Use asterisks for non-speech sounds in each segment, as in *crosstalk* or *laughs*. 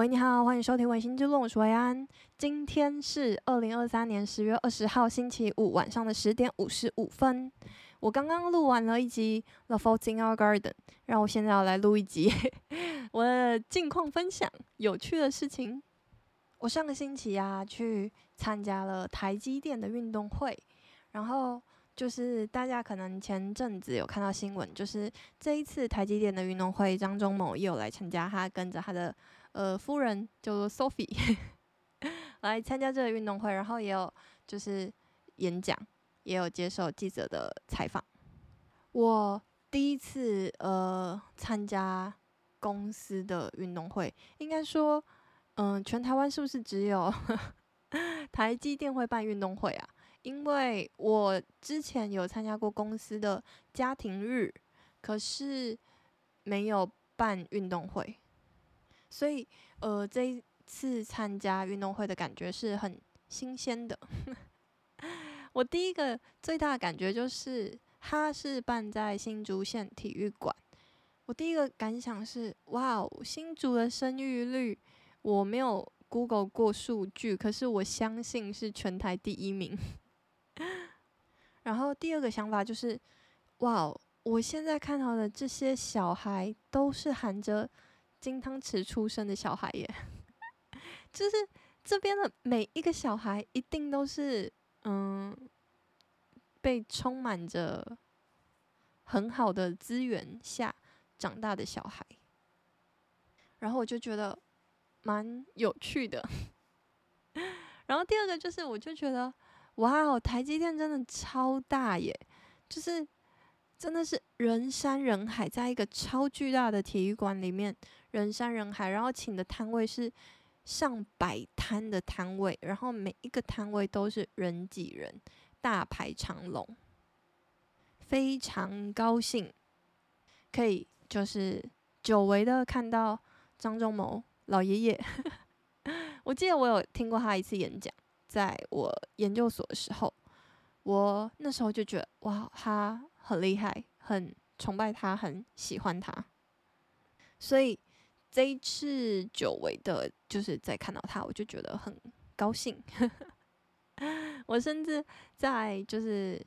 喂，你好，歡迎收聽《薇心之論》，我是維安。今天是二零二三年十月二十號星期五晚上的十點五十五分。我剛剛錄完了一集《The Flowers in Our Garden》，然後我現在要來錄一集 *laughs* 我的近況分享，有趣的事情。我上個星期啊，去參加了台積電的運動會，然後。就是大家可能前陣子有看到新聞，就是這一次台積電的運動會，張忠謀也有來參加他，他跟着他的呃夫人叫做 Sophie *laughs* 來參加這個運動會，然後也有就是演講，也有接受記者的採訪。我第一次呃參加公司的運動會，應該說，嗯、呃，全台灣是不是只有 *laughs* 台積電會辦運動會啊？因為我之前有參加過公司的家庭日，可是沒有辦運動會，所以呃，這一次參加運動會的感覺是很新鮮的。 *laughs* 我第一個最大的感覺就是，它是辦在新竹縣體育館。我第一個感想是，哇哦，新竹的生育率，我沒有 Google 過數據，可是我相信是全台第一名。然後第二個想法就是，哇哦！我現在看到的這些小孩都是含着金湯匙出生的小孩耶， *laughs* 就是這邊的每一個小孩一定都是嗯，被充滿着很好的資源下長大的小孩。然後我就覺得蠻有趣的。然後第二個就是，我就覺得。哇哦，wow, 台積電真的超大耶，就是真的是人山人海，在一個超巨大的體育館裡面，人山人海。然後請的攤位是上百攤的攤位，然後每一個攤位都是人擠人，大排長龍。非常高興，可以就是久違的看到張忠謀老爺爺。 *laughs* 我記得我有聽過他一次演講。在我研究所的時候，我那時候就覺得哇，他很厲害，很崇拜他，很喜歡他。所以這一次久違的，就是再看到他，我就覺得很高興。 *laughs* 我甚至在就是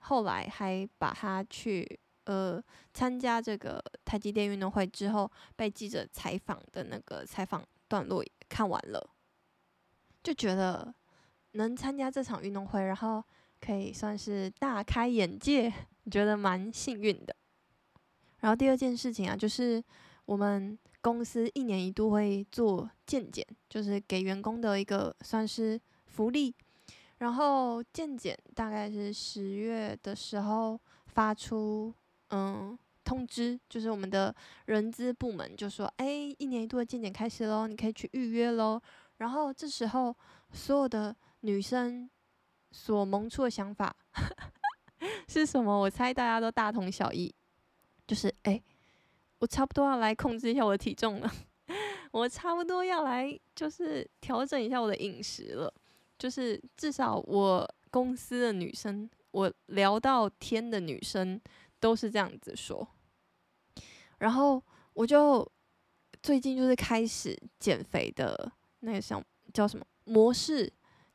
後來還把他去呃參加這個台積電運動會之後被記者採訪的那個採訪段落也看完了，就覺得。能參加這場運動會，然後可以算是大開眼界，覺得蠻幸運的。然後第二件事情啊，就是我們公司一年一度會做健檢，就是給員工的一個算是福利。然後健檢大概是十月的時候發出，嗯，通知，就是我們的人資部門就說：“哎、欸，一年一度的健檢開始嘍，你可以去預約嘍。”然後這時候所有的。女生所萌出的想法呵呵是什麼？我猜大家都大同小異，就是哎、欸，我差不多要來控制一下我的體重了，我差不多要來就是調整一下我的飲食了，就是至少我公司的女生，我聊到天的女生都是這樣子說。然後我就最近就是開始減肥的那個像叫什麼模式？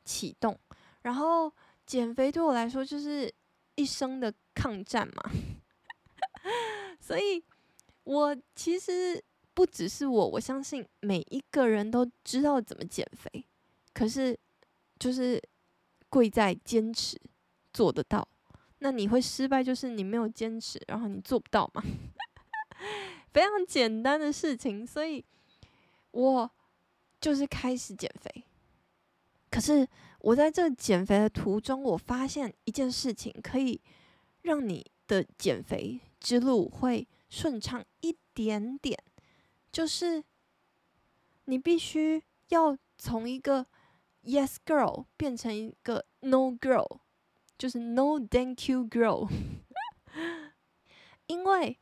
啟動，然後減肥對我來說就是一生的抗戰嘛，呵呵，所以，我其實不只是我，我相信每一個人都知道怎麼減肥，可是就是貴在堅持，做得到，那你會失敗就是你沒有堅持，然後你做不到嘛，呵呵，非常簡單的事情，所以我就是開始減肥。可是我在這減肥的途中，我發現一件事情，可以讓你的減肥之路會順暢一點點，就是你必須要從一個 yes girl 變成一個 no girl，就是 no thank you girl， *laughs* 因為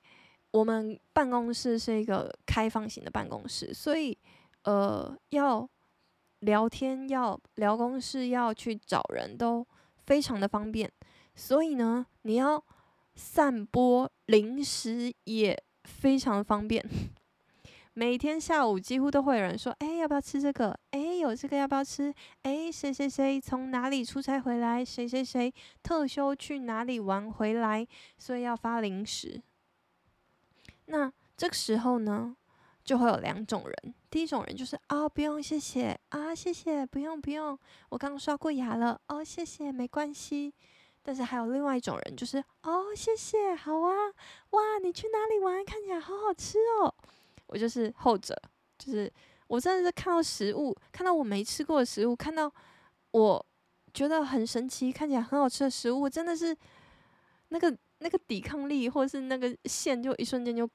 我們辦公室是一個開放型的辦公室，所以呃要。聊天要聊公事要去找人都非常的方便，所以呢，你要散播零食也非常的方便。每天下午幾乎都會有人說：“欸，要不要吃這個？”“欸，有這個要不要吃？”“欸，誰誰誰從哪裡出差回來？”“誰誰誰特休去哪裡玩回來？”所以要發零食。那這個時候呢？就會有兩種人，第一種人就是啊、哦，不用謝謝啊，謝謝、哦、謝謝不用不用，我剛剛刷過牙了哦，謝謝沒關係。但是還有另外一種人，就是哦，謝謝好啊，哇，你去哪裡玩？看起來好好吃哦。我就是後者，就是我真的是看到食物，看到我沒吃過的食物，看到我覺得很神奇、看起來很好吃的食物，真的是那個那個抵抗力或是那個線就一瞬間就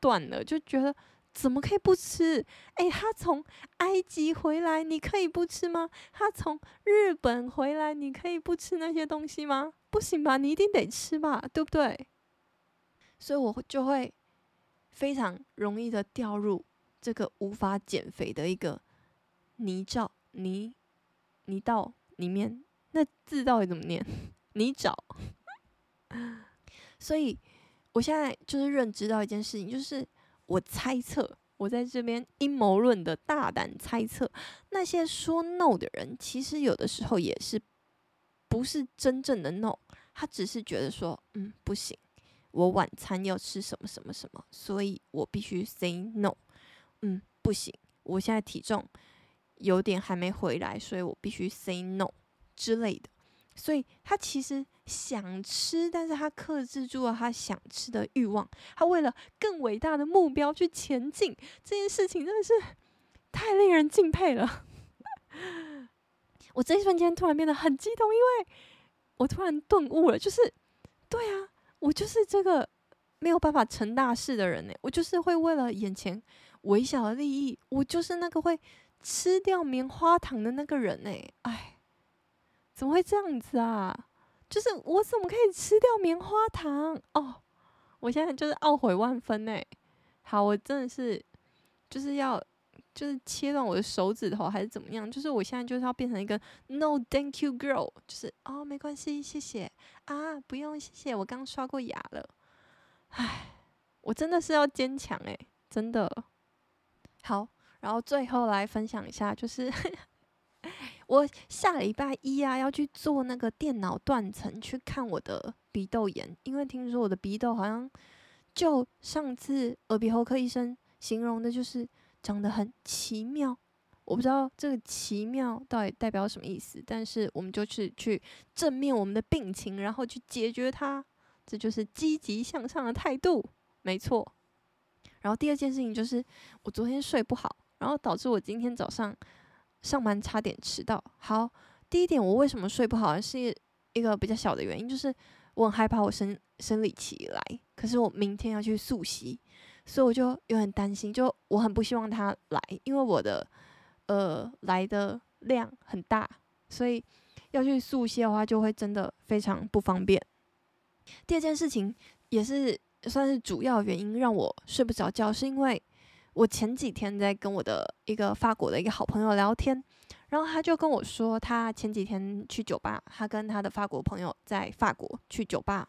斷了，就覺得。怎麼可以不吃？哎、欸，他從埃及回來，你可以不吃嗎？他從日本回來，你可以不吃那些東西嗎？不行吧，你一定得吃吧，對不對？所以我就會非常容易的掉入這個無法減肥的一個泥沼泥泥道裡面。那字到底怎麼念？泥沼。 *laughs* 所以，我現在就是認知到一件事情，就是。我猜測，我在這邊陰謀論的大膽猜測，那些說 no 的人，其實有的時候也是不是真正的 no，他只是覺得說，嗯，不行，我晚餐要吃什麼什麼什麼，所以我必須 say no，嗯，不行，我現在體重有點還沒回來，所以我必須 say no 之類的。所以他其實想吃，但是他克制住了他想吃的慾望。他為了更偉大的目標去前進，這件事情真的是太令人敬佩了。 *laughs* 我這一瞬間突然變得很激動，因為我突然頓悟了，就是對啊，我就是這個沒有辦法成大事的人欸。我就是會為了眼前微小的利益，我就是那個會吃掉棉花糖的那個人欸。哎。怎麼會這樣子啊？就是我怎麼可以吃掉棉花糖？哦，我現在就是懊悔萬分欸！好，我真的是就是要就是切斷我的手指頭還是怎麼樣？就是我現在就是要變成一個 No thank you girl，就是哦，沒關係，謝謝啊，不用謝謝，我剛刷過牙了。唉，我真的是要堅強欸，真的。好，然後最後來分享一下，就是。 *laughs* 我下禮拜一啊，要去做那個電腦斷層，去看我的鼻竇炎，因為聽說我的鼻竇好像就上次耳鼻喉科醫生形容的就是長得很奇妙，我不知道這個奇妙到底代表什麼意思。但是我們就去去正面我們的病情，然後去解決它，這就是積極向上的態度，沒錯。然後第二件事情就是我昨天睡不好，然後導致我今天早上。上班差點遲到。好，第一點，我為什麼睡不好？是一個比較小的原因，就是我很害怕我生生理期來，可是我明天要去溯溪，所以我就有點擔心，就我很不希望它來，因為我的呃來的量很大，所以要去溯溪的話，就會真的非常不方便。第二件事情也是算是主要原因讓我睡不着覺，是因為。我前幾天在跟我的一個法國的一個好朋友聊天，然後他就跟我說，他前幾天去酒吧，他跟他的法國朋友在法國去酒吧，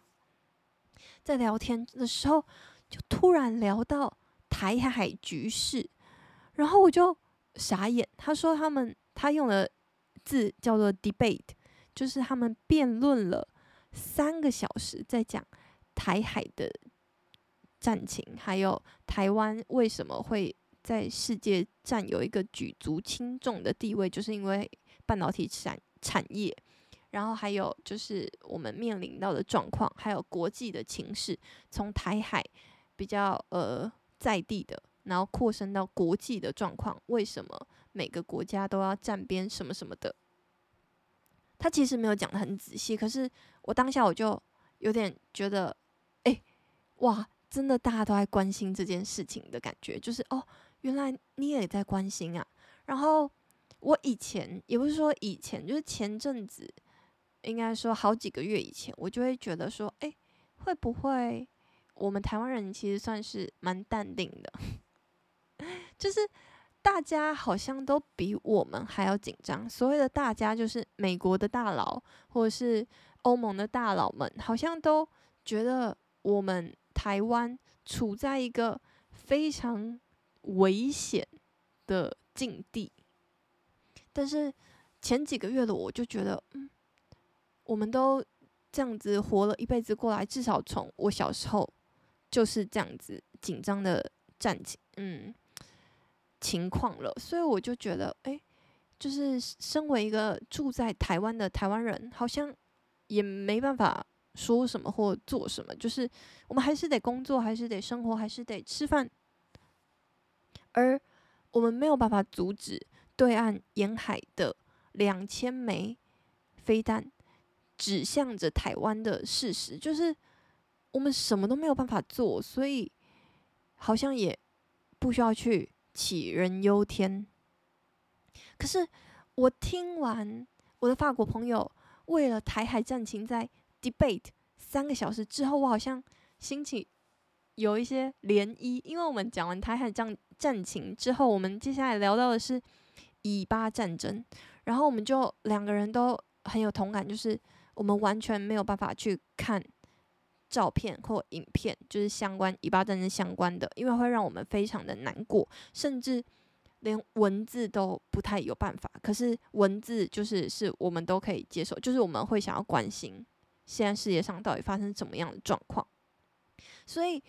在聊天的時候，就突然聊到台海局勢，然後我就傻眼。他說他們他用了字叫做 “debate”，就是他們辯論了三個小時在講台海的。戰情，還有台灣為什麼會，在世界占有一個舉足輕重的地位，就是因為半導體產產業，然後還有就是我們面臨到的狀況，還有國際的情勢，從台海比較呃在地的，然後擴升到國際的狀況，為什麼每個國家都要站邊什麼什麼的？他其實沒有講得很仔細，可是我當下我就有點覺得，哎、欸，哇！真的大家都在關心這件事情的感覺，就是哦，原來你也在關心啊。然後我以前也不是說以前，就是前陣子，應該說好幾個月以前，我就會覺得說，誒，會不會我們台灣人其實算是蠻淡定的？就是大家好像都比我們還要緊張。所謂的大家，就是美國的大佬或者是歐盟的大佬們，好像都覺得我們，台灣處在一個非常危險的境地，但是前幾個月的我就覺得，嗯，我們都這樣子活了一輩子過來，至少從我小時候就是這樣子緊張的戰情，嗯，情況了，所以我就覺得，誒、欸，就是身為一個住在台灣的台灣人，好像也沒辦法。說什麼或做什麼，就是我們還是得工作，還是得生活，還是得吃飯。而我們沒有辦法阻止對岸沿海的兩千枚飛彈指向着台灣的事實，就是我們什麼都沒有辦法做，所以好像也不需要去杞人憂天。可是我聽完我的法國朋友為了台海戰情在 debate 三個小時之後，我好像心情有一些漣漪，因為我們講完台海戰戰情之後，我們接下來聊到的是以巴戰爭，然後我們就兩個人都很有同感，就是我們完全沒有辦法去看照片或影片，就是相關以巴戰爭相關的，因為會讓我們非常的難過，甚至連文字都不太有辦法。可是文字就是是我們都可以接受，就是我們會想要關心。現在世界上到底發生怎麼樣的狀況？所以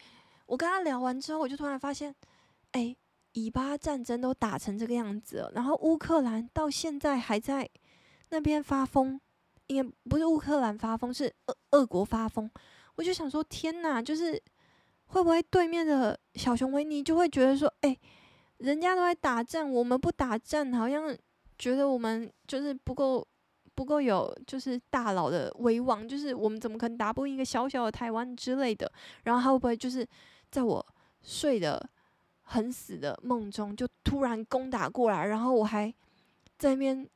我跟他聊完之後，我就突然發現，哎、欸，以巴戰爭都打成這個樣子了，然後烏克蘭到現在還在那邊發瘋，也不是烏克蘭發瘋，是俄俄國發瘋。我就想說，天哪，就是會不會對面的小熊維尼就會覺得說，哎、欸，人家都在打仗，我們不打仗，好像覺得我們就是不夠。不夠有就是大佬的威望，就是我們怎麼可能打不贏一個小小的台灣之類的？然後他會不會就是在我睡得很死的夢中就突然攻打過來？然後我還在那邊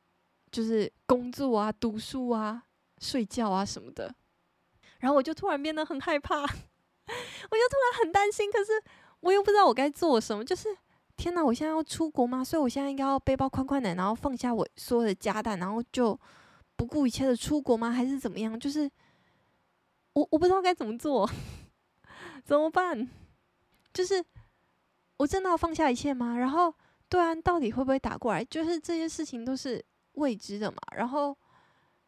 就是工作啊、讀書啊、睡覺啊什麼的，然後我就突然變得很害怕， *laughs* 我就突然很擔心。可是我又不知道我該做什麼。就是天哪，我現在要出國嗎？所以我現在應該要背包款款的，然後放下我所有的家當，然後就。不顧一切的出國嗎？還是怎麼樣？就是我我不知道該怎麼做呵呵，怎麼辦？就是我真的要放下一切嗎？然後對岸到底會不會打過來？就是這些事情都是未知的嘛。然後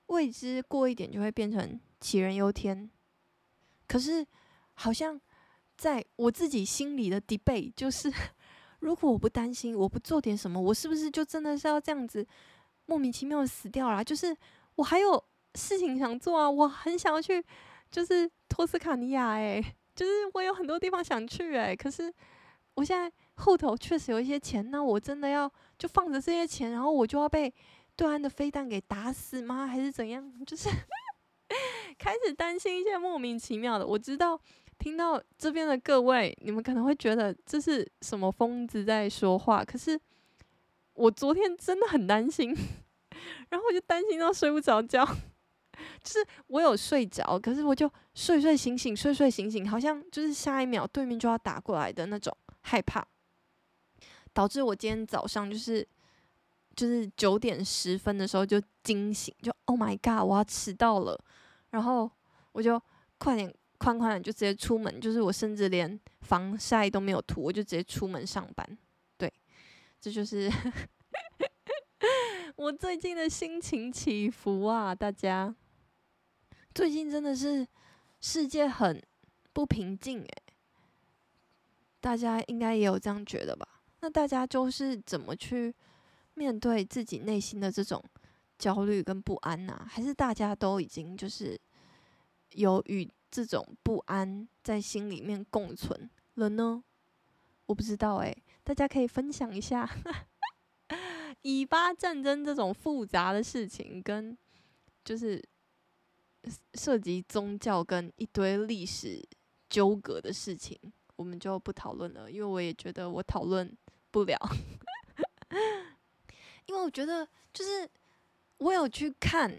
未知過一點就會變成杞人憂天。可是好像在我自己心裡的 debate 就是呵呵，如果我不擔心，我不做點什麼，我是不是就真的是要這樣子？莫名其妙的死掉了啦，就是我還有事情想做啊，我很想要去，就是托斯卡尼亞哎、欸，就是我有很多地方想去哎、欸，可是我現在戶頭確實有一些錢，那我真的要就放着這些錢，然後我就要被對岸的飛彈給打死嗎？還是怎樣？就是 *laughs* 開始擔心一些莫名其妙的。我知道聽到這邊的各位，你們可能會覺得這是什麼瘋子在說話，可是我昨天真的很擔心。然後我就擔心到睡不着覺，就是我有睡着，可是我就睡睡醒醒睡睡醒醒，好像就是下一秒對面就要打過來的那種害怕，導致我今天早上就是就是九點十分的時候就驚醒，就 Oh my God，我要遲到了，然後我就快點快快點就直接出門，就是我甚至連防曬都沒有塗，我就直接出門上班，對，這就是。我最近的心情起伏啊，大家，最近真的是世界很不平靜誒、欸。大家應該也有這樣覺得吧？那大家就是怎麼去面對自己內心的這種焦慮跟不安呢、啊？還是大家都已經就是有與這種不安在心裡面共存了呢？我不知道誒、欸，大家可以分享一下。以巴戰爭這種複雜的事情，跟就是涉及宗教跟一堆歷史糾葛的事情，我們就不討論了，因為我也覺得我討論不了。 *laughs* 因為我覺得，就是我有去看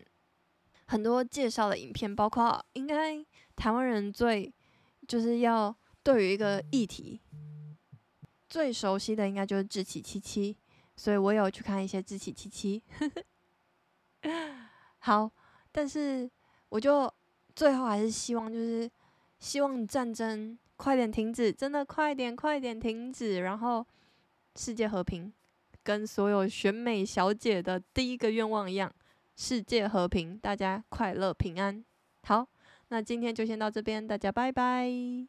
很多介紹的影片，包括應該台灣人最就是要對於一個議題最熟悉的，應該就是“志祺七七”。所以我有要去看一些志祺七七 *laughs* 》。好，但是我就最後還是希望，就是希望戰爭快點停止，真的快點快點停止，然後世界和平，跟所有選美小姐的第一個願望一樣，世界和平，大家快樂平安。好，那今天就先到這邊，大家拜拜。